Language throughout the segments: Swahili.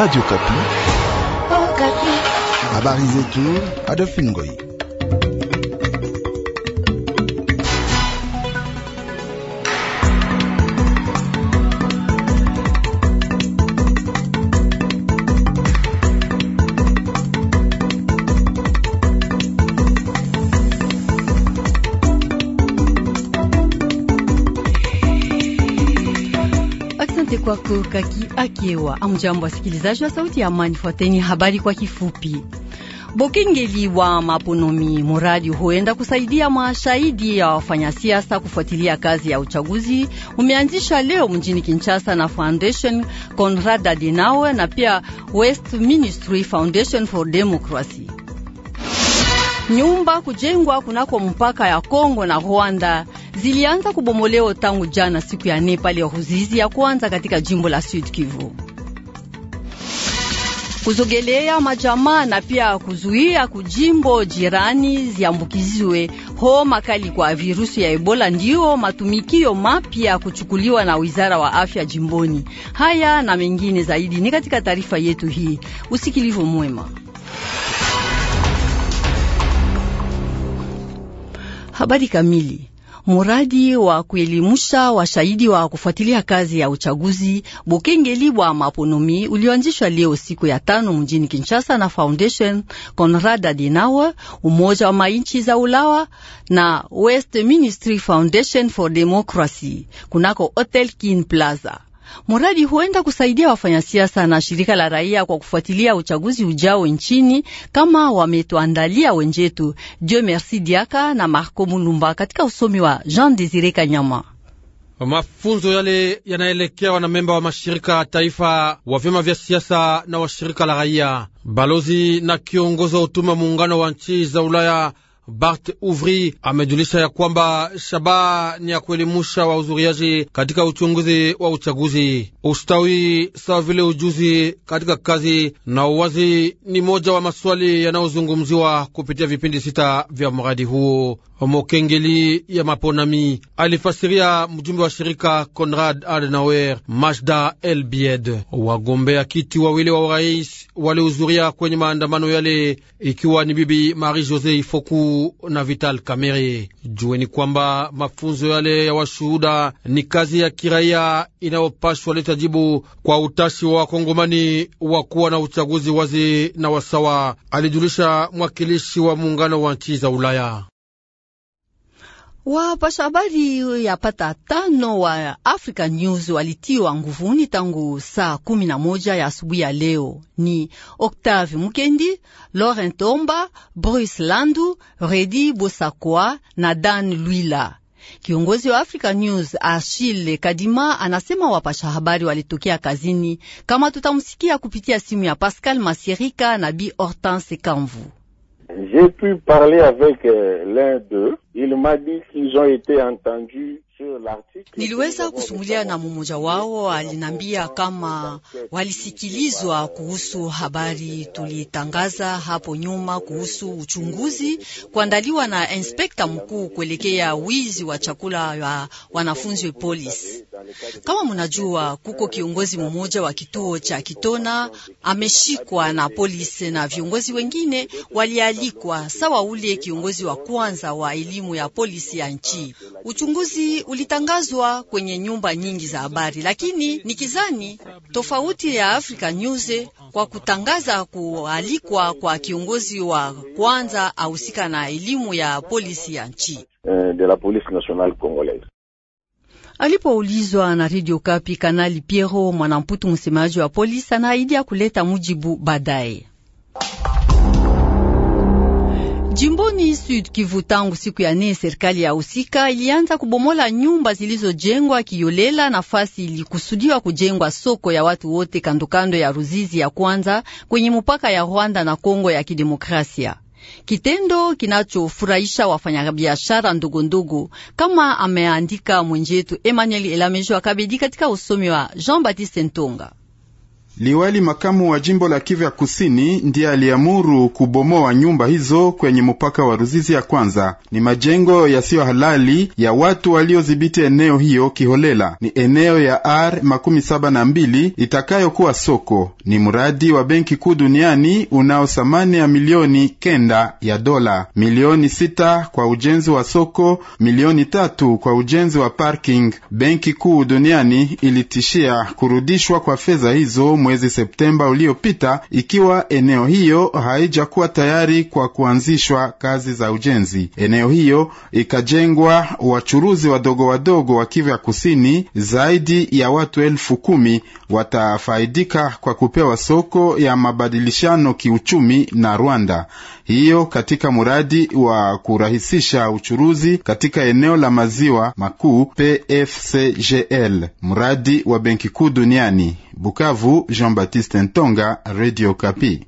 Radio Kapi. Oh, Kapi. Habari zetu Adolphine Ngoi. kwako Kaki Akiewa. Amjambo wasikilizaji wa Sauti ya Amani, fuateni habari kwa kifupi. Bokengeli wa maponomi muradi huenda kusaidia mashahidi ya wafanyasiasa kufuatilia kazi ya uchaguzi umeanzisha leo mjini Kinshasa na Foundation Konrad Adenauer na pia West Ministry Foundation for Democracy. Nyumba kujengwa kunako mpaka ya Kongo na Rwanda zilianza kubomolewa tangu jana siku ya nne pale Ruzizi ya kwanza katika jimbo la Sud Kivu kuzogelea majamaa na pia kuzuia kujimbo jirani ziambukiziwe homa kali kwa virusi ya Ebola ndio matumikio mapya kuchukuliwa na wizara wa afya jimboni. Haya na mengine zaidi ni katika taarifa yetu hii. Usikilivu mwema. Habari kamili muradi wa kuelimusha washahidi wa kufuatilia kazi ya uchaguzi Bukengeli bwa maponomi ulioanzishwa leo siku ya tano mjini Kinshasa na Foundation Konrad Adenauer, Umoja wa Mainchi za Ulawa na West Ministry Foundation for Democracy kunako Hotel Kin Plaza. Mradi huenda kusaidia wafanyasiasa na shirika la raia kwa kufuatilia uchaguzi ujao nchini kama wametuandalia wenjetu Dieu Merci Diaka na Marco Mulumba katika usomi wa Jean Desire Kanyama. Mafunzo yale yanaelekea wanamemba wa mashirika ya taifa wa vyama vya siasa na washirika la raia, balozi na kiongozi wa utuma muungano wa nchi za Ulaya Bart Uvri amejulisha ya kwamba shabaha ni ya kuelimusha wahudhuriaji katika uchunguzi wa uchaguzi. Ustawi sawa vile ujuzi katika kazi na uwazi ni moja wa maswali yanayozungumziwa kupitia vipindi sita vya mradi huo. Mokengeli ya Maponami alifasiria mjumbe wa shirika Conrad Adenauer Mashda Elbied. Wagombea kiti wawili wa urais walihudhuria kwenye maandamano yale, ikiwa ni bibi Marie Jose Ifoku na Vital Kamerhe. Jueni kwamba mafunzo yale ya washuhuda ni kazi ya kiraia inayopashwa leta itajibu kwa utashi wa Wakongomani wa kuwa na uchaguzi wazi na wasawa, alijulisha mwakilishi wa muungano wa nchi za Ulaya. Wapasha habari ya pata tano wa Africa News walitiwa nguvuni tangu saa kumi na moja ya asubuhi ya leo ni Octave Mukendi, Laurent Tomba, Bruce Landu, Redi Bosakwa na Dan Lwila. Kiongozi wa Africa News Ashile Kadima anasema wapasha habari walitokea kazini, kama tutamsikia kupitia simu ya Pascal Masirika na Bi Hortense Kamvu. J'ai pu parler avec euh, l'un d'eux. Il m'a dit qu'ils ont été entendus Niliweza kusumulia na mmoja wao, alinambia kama walisikilizwa kuhusu habari tulitangaza hapo nyuma kuhusu uchunguzi kuandaliwa na inspekta mkuu kuelekea wizi wa chakula ya wanafunzi wa polisi. Kama mnajua, kuko kiongozi mmoja wa kituo cha Kitona ameshikwa na polisi na viongozi wengine walialikwa, sawa ule kiongozi wa kwanza wa elimu ya polisi ya nchi. Uchunguzi ulitangazwa kwenye nyumba nyingi za habari, lakini nikizani tofauti ya Africa News kwa kutangaza kualikwa kwa kiongozi wa kwanza ahusika na elimu ya polisi ya nchi eh, de la police nationale congolaise. Alipoulizwa na Radio Kapi, Kanali Piero Mwanamputu, msemaji wa polisi, anaahidi kuleta mujibu baadaye. Jimboni Sud Kivu, tangu siku ya nne, serikali ya husika ilianza kubomola nyumba zilizojengwa kiolela. Nafasi ilikusudiwa kujengwa soko ya watu wote kandokando ya Ruzizi ya kwanza kwenye mupaka ya Rwanda na Kongo ya Kidemokrasia, kitendo kinachofurahisha wafanyabiashara ndogondogo, kama ameandika mwenzetu Emmanuel Elamejo Akabedi katika usomi wa Jean Baptiste Ntonga. Liwali makamu wa jimbo la Kivu ya Kusini ndiye aliamuru kubomoa nyumba hizo kwenye mpaka wa Ruzizi ya kwanza. Ni majengo yasiyo halali ya watu waliodhibiti eneo hiyo kiholela. Ni eneo ya R makumi saba na mbili itakayokuwa soko. Ni mradi wa Benki Kuu duniani unao thamani ya milioni kenda ya dola, milioni sita kwa ujenzi wa soko, milioni tatu kwa ujenzi wa parking. Benki Kuu duniani ilitishia kurudishwa kwa fedha hizo mwezi Septemba uliopita, ikiwa eneo hiyo haijakuwa tayari kwa kuanzishwa kazi za ujenzi. Eneo hiyo ikajengwa wachuruzi wadogo wadogo wa Kivu ya Kusini, zaidi ya watu elfu kumi watafaidika kwa kupewa soko ya mabadilishano kiuchumi na Rwanda, hiyo katika mradi wa kurahisisha uchuruzi katika eneo la maziwa makuu PFCGL, mradi wa Benki Kuu Duniani. Bukavu, Jean-Baptiste Ntonga, Radio Kapi.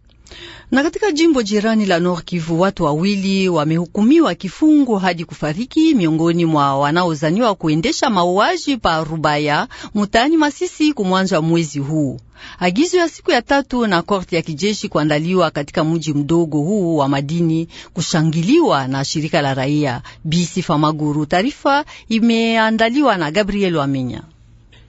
Na katika jimbo jirani la Nord Kivu, watu wawili wamehukumiwa kifungo hadi kufariki miongoni mwa wanaozaniwa kuendesha mauaji pa Rubaya mutaani Masisi kumwanza mwezi huu. Agizo ya siku ya tatu na korti ya kijeshi kuandaliwa katika mji mdogo huu wa madini kushangiliwa na shirika la raia. Bisi Famaguru, taarifa imeandaliwa na Gabriel Wamenya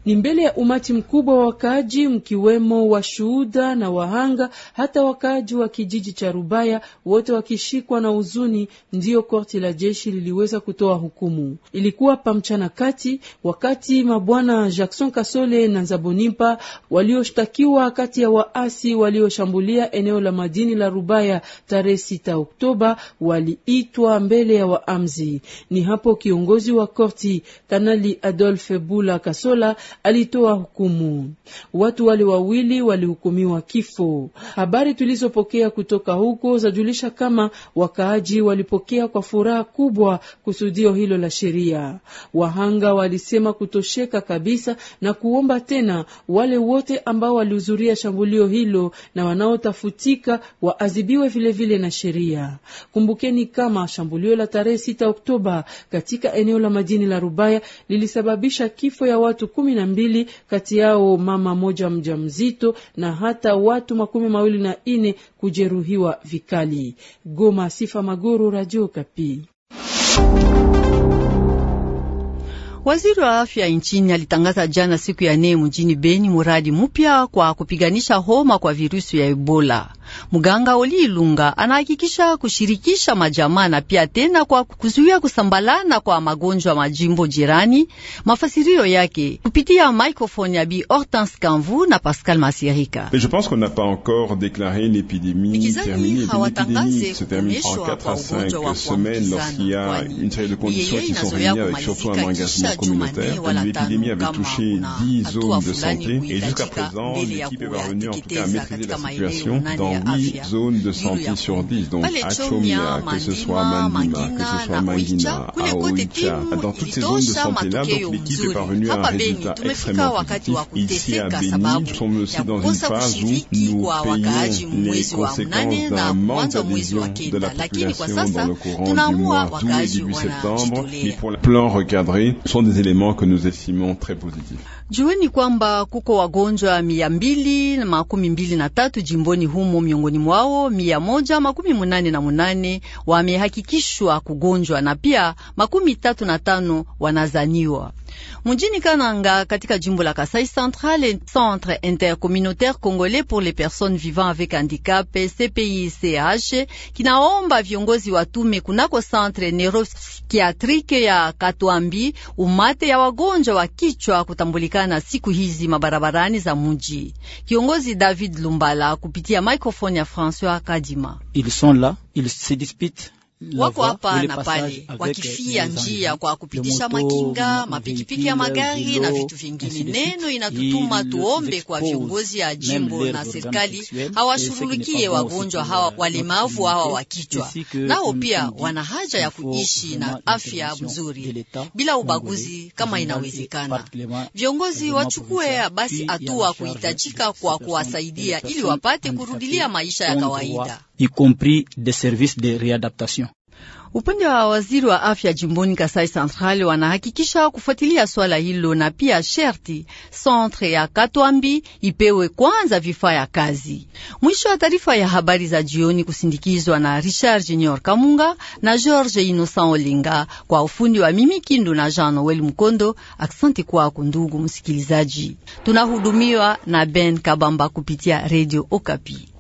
ni mbele ya umati mkubwa wa wakaaji mkiwemo washuhuda na wahanga, hata wakaaji wa kijiji cha Rubaya, wote wakishikwa na huzuni. Ndiyo korti la jeshi liliweza kutoa hukumu. Ilikuwa pamchana kati, wakati mabwana Jackson Kasole na zabonimpa walioshtakiwa kati ya waasi walioshambulia eneo la madini la Rubaya tarehe 6 Oktoba waliitwa mbele ya waamzi. Ni hapo kiongozi wa korti Kanali adolfe Bula Kasola alitoa hukumu. Watu wale wawili walihukumiwa kifo. Habari tulizopokea kutoka huko zajulisha kama wakaaji walipokea kwa furaha kubwa kusudio hilo la sheria. Wahanga walisema kutosheka kabisa na kuomba tena wale wote ambao walihudhuria shambulio hilo na wanaotafutika waadhibiwe vilevile na sheria. Kumbukeni kama shambulio la tarehe 6 Oktoba katika eneo la madini la Rubaya lilisababisha kifo ya watu kumi na na mbili, kati yao mama moja mjamzito na hata watu makumi mawili na ine kujeruhiwa vikali. Goma, Sifa Maguru, Radio Kapi. Waziri wa afya nchini alitangaza jana siku ya nne mjini Beni muradi mpya kwa kupiganisha homa kwa virusi ya Ebola. Mganga Oli Ilunga anahakikisha kushirikisha majamaa na pia tena kwa kuzuia kusambalana kwa magonjwa majimbo jirani. Mafasirio yake kupitia microphone ya Bi Hortense Kanvu na Pascal Masirika. Je pense qu'on n'a pas encore déclaré l'épidémie terminée. se termine en 4 à 5 semaines lorsqu'il y a une série de conditions qui sont réunies avec surtout un engagement communautaire l'épidémie avait touché 10 zones de santé et jusqu'à présent, l'équipe est parvenue en tout cas à maîtriser la situation dans 8 zones de santé sur 10, donc à Chomia, que ce soit à Mandima, que ce soit à Mangina, à dans toutes ces zones de santé-là, donc l'équipe est parvenue à un résultat extrêmement positif. Ici à Béni, nous sommes aussi dans une phase où nous payons les conséquences d'un manque d'adhésion de la population dans le courant du mois d'août et début septembre, mais pour le plan recadré, sont sont des éléments que nous estimons très positifs. Jueni kwamba kuko wagonjwa mia mbili makumi mbili na tatu jimboni humo, miongoni mwao mia moja makumi munane na munane wamehakikishwa kugonjwa na pia makumi tatu na tano wanazaniwa Mujini Kananga katika jimbo la Kasai Central, Centre Intercommunautaire Congolais pour les personnes vivant avec handicap CPICH kinaomba viongozi watume kunako Centre Neuropsikiatrike ya Katwambi umate ya wagonjwa wa kichwa kutambulikana siku hizi mabarabarani za muji. Kiongozi David Lumbala kupitia microphone ya François Kadima. Ils sont là, ils se disputent wako hapa na pale wakifia njia kwa kupitisha makinga, mapikipiki ya magari na vitu vingine. Neno inatutuma tuombe kwa viongozi ya jimbo na serikali hawashughulikie wagonjwa hawa euh, walemavu hawa wa kichwa, nao pia wana haja ya kuishi na afya mzuri bila ubaguzi kama inawezekana. Viongozi wachukue basi hatua kuhitajika kwa kuwasaidia ili wapate kurudilia maisha ya kawaida y compris des services de réadaptation. Upande wa waziri wa afya jimboni Kasai Central wanahakikisha kufuatilia swala hilo, na pia sherti centre ya Katwambi ipewe kwanza vifaa ya kazi. Mwisho wa taarifa ya habari za jioni, kusindikizwa na Richard Junior Kamunga na George Innocent Olinga, kwa ufundi wa mimi Kindu na Jean Noel Mkondo. Aksanti kwako ndugu msikilizaji, tunahudumiwa na Ben Kabamba kupitia Radio Okapi.